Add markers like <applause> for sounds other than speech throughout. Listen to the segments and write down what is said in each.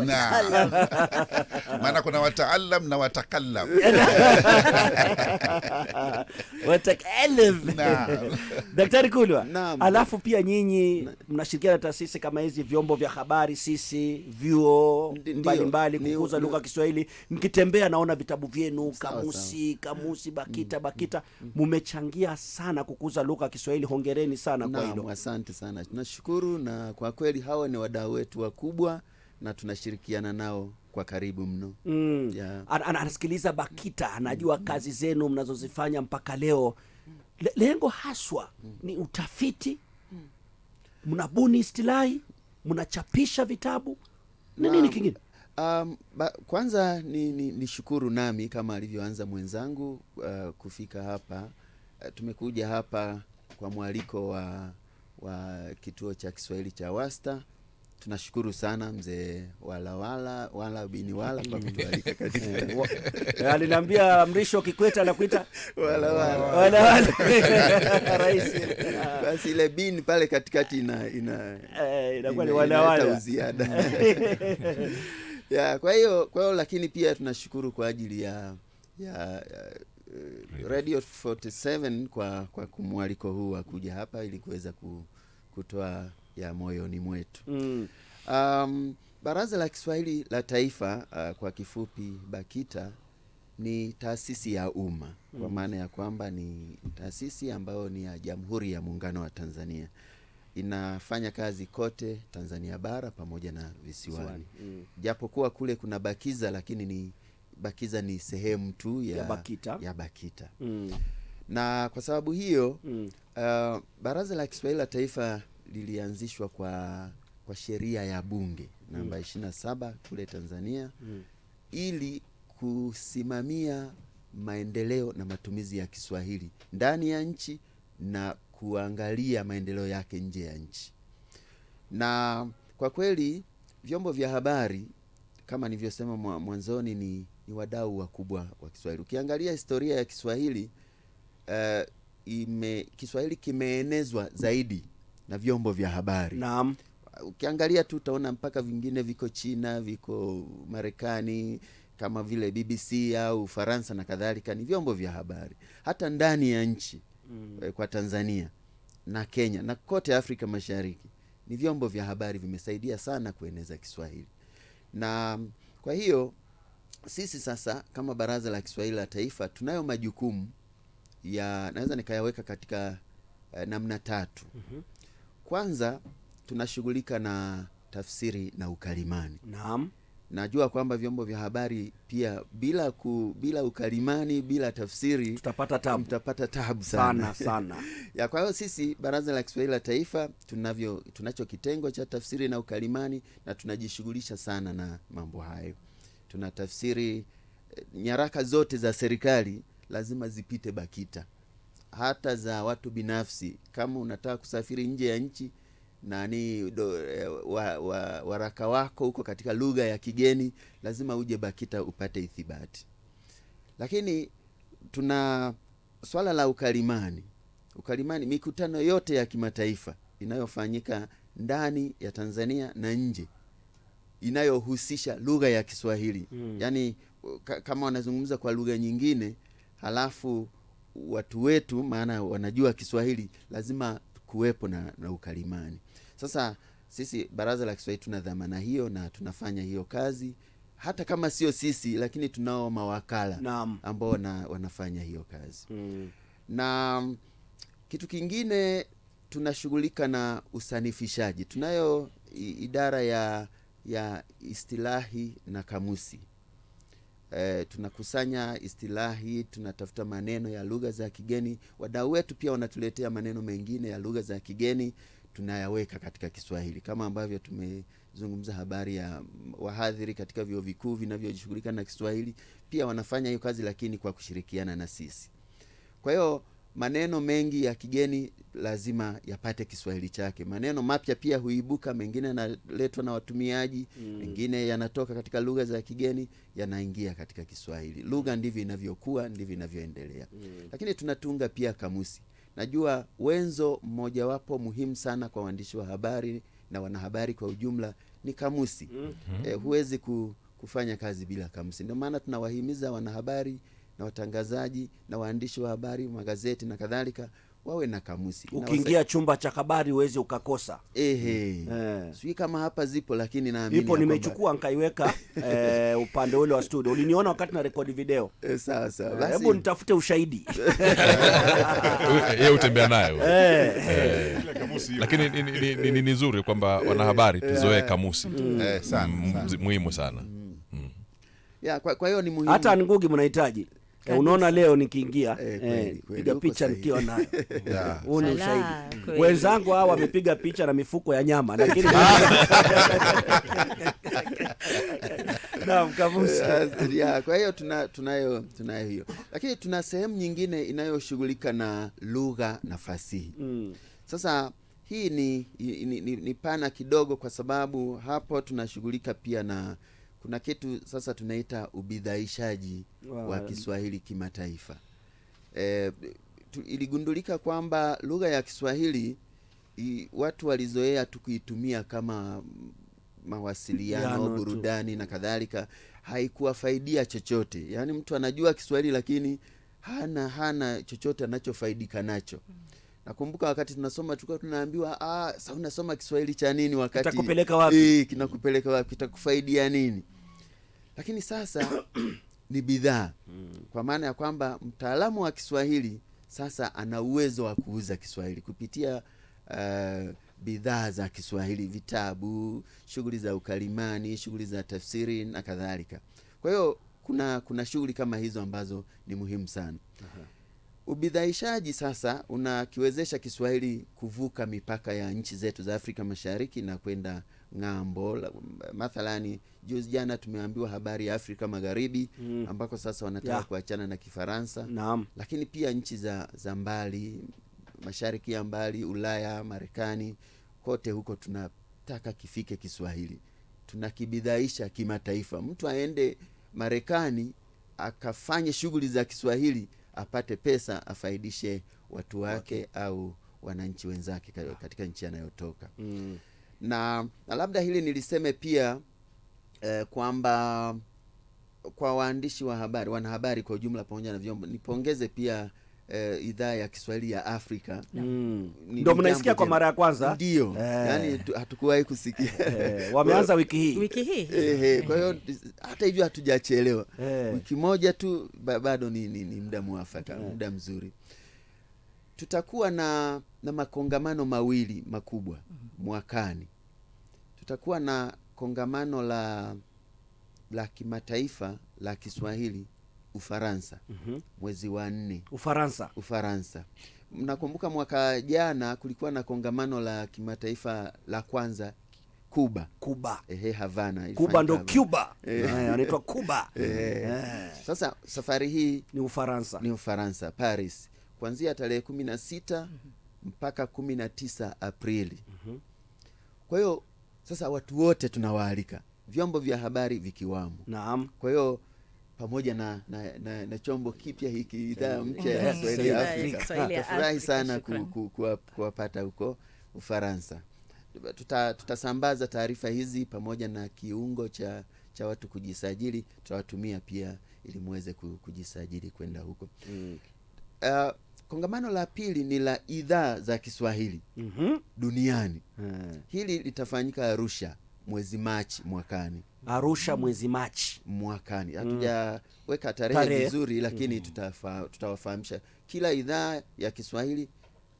<laughs> maana kuna wataalam na watakalam <laughs> <laughs> Daktari Kulwa, alafu pia nyinyi mnashirikiana na taasisi kama hizi, vyombo vya habari, sisi vyuo mbalimbali kukuza lugha ya Kiswahili. Mkitembea naona vitabu vyenu, kamusi kamusi, BAKITA mm, BAKITA, mmechangia mm, mm. sana kukuza lugha ya Kiswahili. Hongereni sana kwa hilo, asante sana, nashukuru Na kwa kweli hawa ni wadau wetu wakubwa na tunashirikiana nao kwa karibu mno mm. yeah. An anasikiliza BAKITA anajua mm. kazi zenu mnazozifanya mpaka leo. Le lengo haswa mm. ni utafiti, mnabuni istilahi, mnachapisha vitabu ni nini kingine? Um, ba, kwanza ni, ni, ni shukuru nami kama alivyoanza mwenzangu uh, kufika hapa uh, tumekuja hapa kwa mwaliko wa, wa kituo cha Kiswahili cha Wasta Tunashukuru sana mzee walawala wala bini wala kwa <laughs> kutualika katika. Eh, eh, Mrisho kikweta anakuita <laughs> Basi ile bini pale katikati ina ina eh, inakuwa <laughs> ya. Kwa hiyo kwa hiyo, lakini pia tunashukuru kwa ajili ya ya uh, Radio 47 kwa kwa kumwaliko huu wa kuja hapa ili kuweza kutoa ya moyoni mwetu mm. Um, Baraza la Kiswahili la Taifa uh, kwa kifupi BAKITA ni taasisi ya umma mm. Kwa maana ya kwamba ni taasisi ambayo ni ya Jamhuri ya Muungano wa Tanzania, inafanya kazi kote Tanzania bara pamoja na visiwani mm. Japokuwa kule kuna BAKIZA lakini ni BAKIZA ni sehemu tu ya, ya BAKITA, ya BAKITA. Mm. Na kwa sababu hiyo mm. uh, Baraza la Kiswahili la Taifa lilianzishwa kwa, kwa sheria ya bunge mm. namba mm. 27 kule Tanzania mm. ili kusimamia maendeleo na matumizi ya Kiswahili ndani ya nchi na kuangalia maendeleo yake nje ya nchi. Na kwa kweli vyombo vya habari kama nilivyosema mwanzoni ni, ni wadau wakubwa wa Kiswahili. Ukiangalia historia ya Kiswahili uh, ime, Kiswahili kimeenezwa zaidi na vyombo vya habari. Naam. Ukiangalia tu utaona mpaka vingine viko China, viko Marekani kama vile BBC au Ufaransa na kadhalika, ni vyombo vya habari hata ndani ya nchi mm. Eh, kwa Tanzania na Kenya na kote Afrika Mashariki ni vyombo vya habari vimesaidia sana kueneza Kiswahili, na kwa hiyo sisi sasa kama Baraza la Kiswahili la Taifa tunayo majukumu ya naweza nikayaweka katika eh, namna tatu. mm -hmm. Kwanza tunashughulika na tafsiri na ukalimani. Naam. Najua kwamba vyombo vya habari pia bila ku, bila ukalimani bila tafsiri tutapata tabu, mtapata tabu sana, sana, sana. <laughs> ya kwa hiyo sisi Baraza la Kiswahili la Taifa tunavyo tunacho kitengo cha tafsiri na ukalimani na tunajishughulisha sana na mambo hayo. tuna tafsiri eh, nyaraka zote za serikali lazima zipite BAKITA hata za watu binafsi. Kama unataka kusafiri nje ya nchi nani do, eh, wa, wa, waraka wako huko katika lugha ya kigeni lazima uje BAKITA upate ithibati. Lakini tuna swala la ukalimani. Ukalimani, mikutano yote ya kimataifa inayofanyika ndani ya Tanzania na nje inayohusisha lugha ya Kiswahili hmm. Yaani kama wanazungumza kwa lugha nyingine halafu watu wetu, maana wanajua Kiswahili, lazima kuwepo na, na ukalimani. Sasa sisi Baraza la Kiswahili tuna dhamana hiyo na tunafanya hiyo kazi hata kama sio sisi, lakini tunao mawakala ambao wanafanya hiyo kazi hmm. na kitu kingine tunashughulika na usanifishaji. Tunayo idara ya ya istilahi na kamusi E, tunakusanya istilahi, tunatafuta maneno ya lugha za kigeni. Wadau wetu pia wanatuletea maneno mengine ya lugha za kigeni, tunayaweka katika Kiswahili kama ambavyo tumezungumza habari ya wahadhiri katika vyuo vikuu vinavyojishughulika na Kiswahili, pia wanafanya hiyo kazi, lakini kwa kushirikiana na sisi. Kwa hiyo maneno mengi ya kigeni lazima yapate Kiswahili chake. Maneno mapya pia huibuka, mengine yanaletwa na watumiaji mm. mengine yanatoka katika lugha za kigeni yanaingia katika Kiswahili. Lugha ndivyo inavyokuwa, ndivyo inavyoendelea mm. Lakini tunatunga pia kamusi. Najua wenzo mmojawapo muhimu sana kwa waandishi wa habari na wanahabari kwa ujumla ni kamusi mm. Eh, huwezi ku, kufanya kazi bila kamusi. Ndio maana tunawahimiza wanahabari na watangazaji na waandishi wa habari magazeti na kadhalika wawe na kamusi. Ukiingia chumba cha habari huwezi ukakosa. Ehe, mm. eh. Sijui kama hapa zipo, lakini naamini ipo. Nimeichukua nikaiweka <laughs> eh, upande ule wa studio. Uliniona wakati na rekodi video e, sawa sawa. Basi hebu nitafute ushahidi <laughs> yeye utembea naye lakini ni nzuri kwamba wanahabari tuzoee kamusi mm. mm, muhimu sana ya, kwa hiyo ni muhimu. Hata Ngugi mnahitaji Eh, unaona, leo nikiingia eh, eh, piga picha nikiwa nayo, <laughs> huu ni ushahidi. Wenzangu hawa wamepiga picha na mifuko ya nyama, lakini <laughs> <laughs> Kwa hiyo tunayo tunayo hiyo, lakini tuna sehemu nyingine inayoshughulika na lugha na fasihi mm. Sasa hii ni, ni, ni, ni pana kidogo, kwa sababu hapo tunashughulika pia na kuna kitu sasa tunaita ubidhaishaji wow. wa Kiswahili kimataifa. E, tu, iligundulika kwamba lugha ya Kiswahili i, watu walizoea tukuitumia kama mawasiliano burudani tu. na kadhalika, haikuwafaidia chochote. Yaani mtu anajua Kiswahili lakini hana hana chochote anachofaidika nacho mm. Nakumbuka wakati tunasoma tulikuwa tunaambiwa ah, unasoma Kiswahili cha nini? Wakati wapi? E, kinakupeleka wapi? Kitakufaidia nini? Lakini sasa <clears throat> ni bidhaa hmm. Kwa maana ya kwamba mtaalamu wa Kiswahili sasa ana uwezo wa kuuza Kiswahili kupitia uh, bidhaa za Kiswahili, vitabu, shughuli za ukalimani, shughuli za tafsiri na kadhalika. Kwa hiyo kuna kuna shughuli kama hizo ambazo ni muhimu sana. Aha. Ubidhaishaji sasa unakiwezesha Kiswahili kuvuka mipaka ya nchi zetu za Afrika Mashariki na kwenda ng'ambo. Mathalani, juzi jana tumeambiwa habari ya Afrika Magharibi mm. ambako sasa wanataka yeah. kuachana na Kifaransa Naam. lakini pia nchi za, za mbali mashariki ya mbali, Ulaya, Marekani, kote huko tunataka kifike Kiswahili, tunakibidhaisha kimataifa. Mtu aende Marekani akafanye shughuli za Kiswahili apate pesa afaidishe watu wake okay. au wananchi wenzake katika nchi anayotoka mm. na, na labda hili niliseme pia eh, kwamba kwa waandishi wa habari wanahabari kwa ujumla pamoja na vyombo, nipongeze pia eh, idhaa ya Kiswahili ya Afrika mm. Ndio mnaisikia kwa mara ya kwanza ndio eh. Yani hatukuwahi kusikia eh. Wameanza wiki hii wiki hii eh, eh. Kwa hiyo hata hivyo hatujachelewa eh. Wiki moja tu bado ni, ni, ni muda mwafaka eh. Muda mzuri tutakuwa na, na makongamano mawili makubwa mm-hmm. mwakani. Tutakuwa na kongamano la la kimataifa la Kiswahili Ufaransa mm -hmm. mwezi wa nne Ufaransa, Ufaransa. Mnakumbuka mwaka jana kulikuwa na kongamano la kimataifa la kwanza Kuba, Kuba. Ehe, Havana. Kuba ndo Cuba wanaitwa eh. eh, Kuba. Eh. Sasa safari hii ni Ufaransa, ni Ufaransa, Paris, kuanzia tarehe kumi na sita mpaka kumi na tisa Aprili. mm -hmm. Kwa hiyo sasa watu wote tunawaalika, vyombo vya habari vikiwamo. Naam. Kwa hiyo pamoja na, na, na, na chombo kipya hiki idhaa mpya ya Kiswahili ya Afrika. Tafurahi sana kuwapata ku, ku, huko Ufaransa. Tuta, tutasambaza taarifa hizi pamoja na kiungo cha, cha watu kujisajili, tutawatumia pia ili muweze kujisajili kwenda huko mm. Uh, kongamano la pili ni la idhaa za Kiswahili mm -hmm. duniani mm. Hili litafanyika Arusha mwezi Machi mwakani. Arusha mwezi Machi mwakani, mm. hatujaweka mm. tarehe vizuri lakini mm. tutawafahamisha kila idhaa ya Kiswahili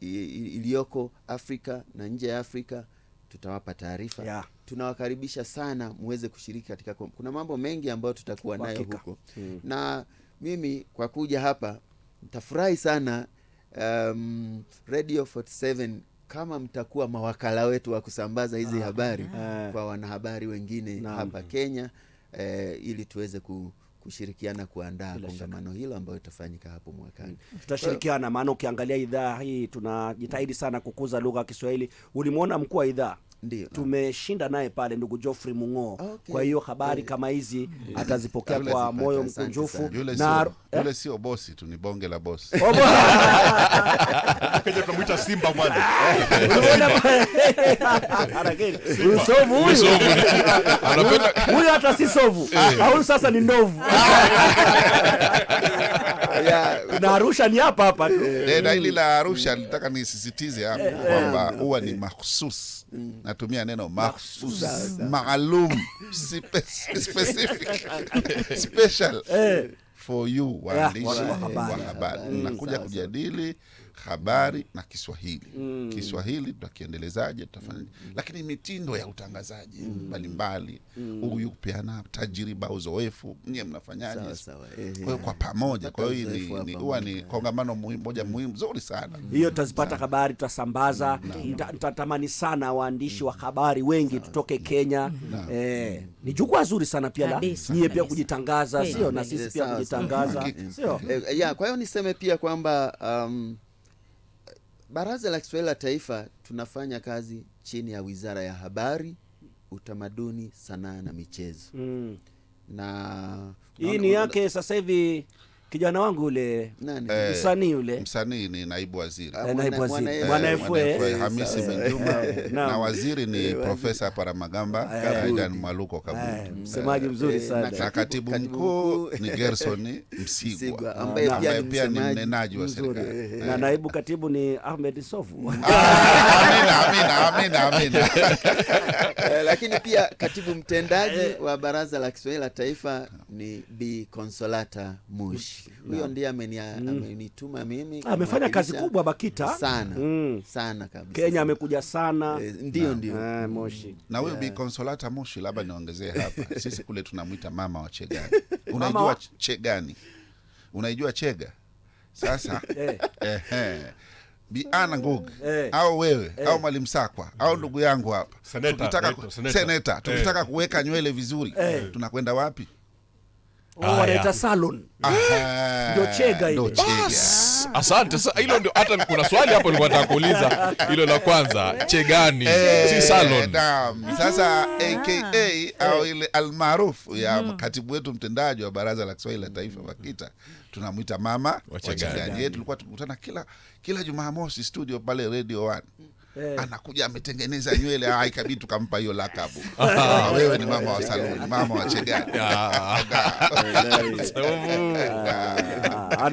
iliyoko Afrika na nje ya Afrika tutawapa taarifa yeah. Tunawakaribisha sana muweze kushiriki katika, kuna mambo mengi ambayo tutakuwa nayo huko mm. na mimi kwa kuja hapa nitafurahi sana um, Radio 47 kama mtakuwa mawakala wetu wa kusambaza hizi ah, habari eh, kwa wanahabari wengine na hapa Kenya eh, ili tuweze ku kushirikiana kuandaa kongamano hilo ambayo itafanyika hapo mwakani. Tutashirikiana maana ukiangalia idhaa hii tunajitahidi sana kukuza lugha ya Kiswahili. Ulimwona mkuu wa idhaa tumeshinda naye pale ndugu Geoffrey Mung'o. Okay. Kwa hiyo habari eh. kama hizi mm. atazipokea kwa moyo mkunjufu. Eh? Yule sio bosi tu, ni bonge la bosi. Oh, <laughs> Tunamuita Simba bwana. <laughs> Huyu hata si sovu, eh. au sasa ni ndovu. <laughs> yeah. na Arusha ni hapa hapa tu eh, na eh. hili la Arusha nataka nisisitize hapa eh, eh. kwamba huwa ni mahsusi, mm. natumia neno mahsus maalum, <laughs> specific, special for you waandishi wa habari, mm. nakuja kujadili habari mm. na Kiswahili mm. Kiswahili tutakiendelezaje? Tutafanya mm. Lakini mitindo ya utangazaji mm. mbalimbali mm. huyu mm. kupeana tajriba, uzoefu, nyie mnafanyaje? Eh, kwa hiyo kwa eh. pamoja, kwa hiyo ni huwa ni kongamano moja mm. muhimu zuri sana hiyo mm. tutazipata habari, tutasambaza. Nitatamani sana waandishi wa habari wengi tutoke Kenya. Eh, ni jukwaa zuri sana pia la nyie pia kujitangaza, sio na sisi pia kujitangaza, sio. Eh, kwa hiyo niseme pia kwamba um, Baraza la Kiswahili la Taifa tunafanya kazi chini ya Wizara ya Habari, Utamaduni, Sanaa na Michezo mm. na hii ni yake sasa hivi kijana wangu yule eh, msanii yule msanii ni naibu waziri eh, bwana FA Hamisi eh, na waziri ni Profesa Paramagamba Aidan Mwaluko Kabutu, msemaji mzuri sana, na katibu mkuu ni Gerson Msigwa ambaye pia ni mnenaji wa serikali, na naibu katibu ni Ahmed Sofu. <laughs> Ah, amina, amina, amina. <laughs> Lakini pia katibu mtendaji wa Baraza la Kiswahili la Taifa ni Bi Consolata Mushi huyo ndiye mm. amenituma mimi. Ah, amefanya kazi kubwa BAKITA sana mm. sana kabisa. Kenya amekuja sana eh, ndio ndio na ah, Moshi na huyo Bi Consolata Moshi, labda niongezee hapa, <laughs> sisi kule tunamwita mama wa Chegani. Unaijua Chegani? Unaijua Chega? Sasa <laughs> eh, eh. Bi Ana hey, au wewe hey, eh. au Mwalimu Sakwa hey, au ndugu yangu hapa, seneta tukitaka eh. kuweka nywele vizuri hey, tunakwenda wapi? Ah, asante. hilo ndio hata kuna swali hapo nilikuwa nataka kuuliza hilo la kwanza, chegani eh, si salon. Sasa aka ah. au ile almaarufu ya hmm. katibu wetu mtendaji wa Baraza la Kiswahili la Taifa vakita tunamwita mama wachegani. tulikuwa tukutana kila kila Jumamosi studio pale Radio 1 eh, anakuja ametengeneza nywele ah, ikabidi tukampa hiyo lakabu <laughs> ah, ah, wewe ni mama wa saluni, mama wa chegani <laughs> <laughs>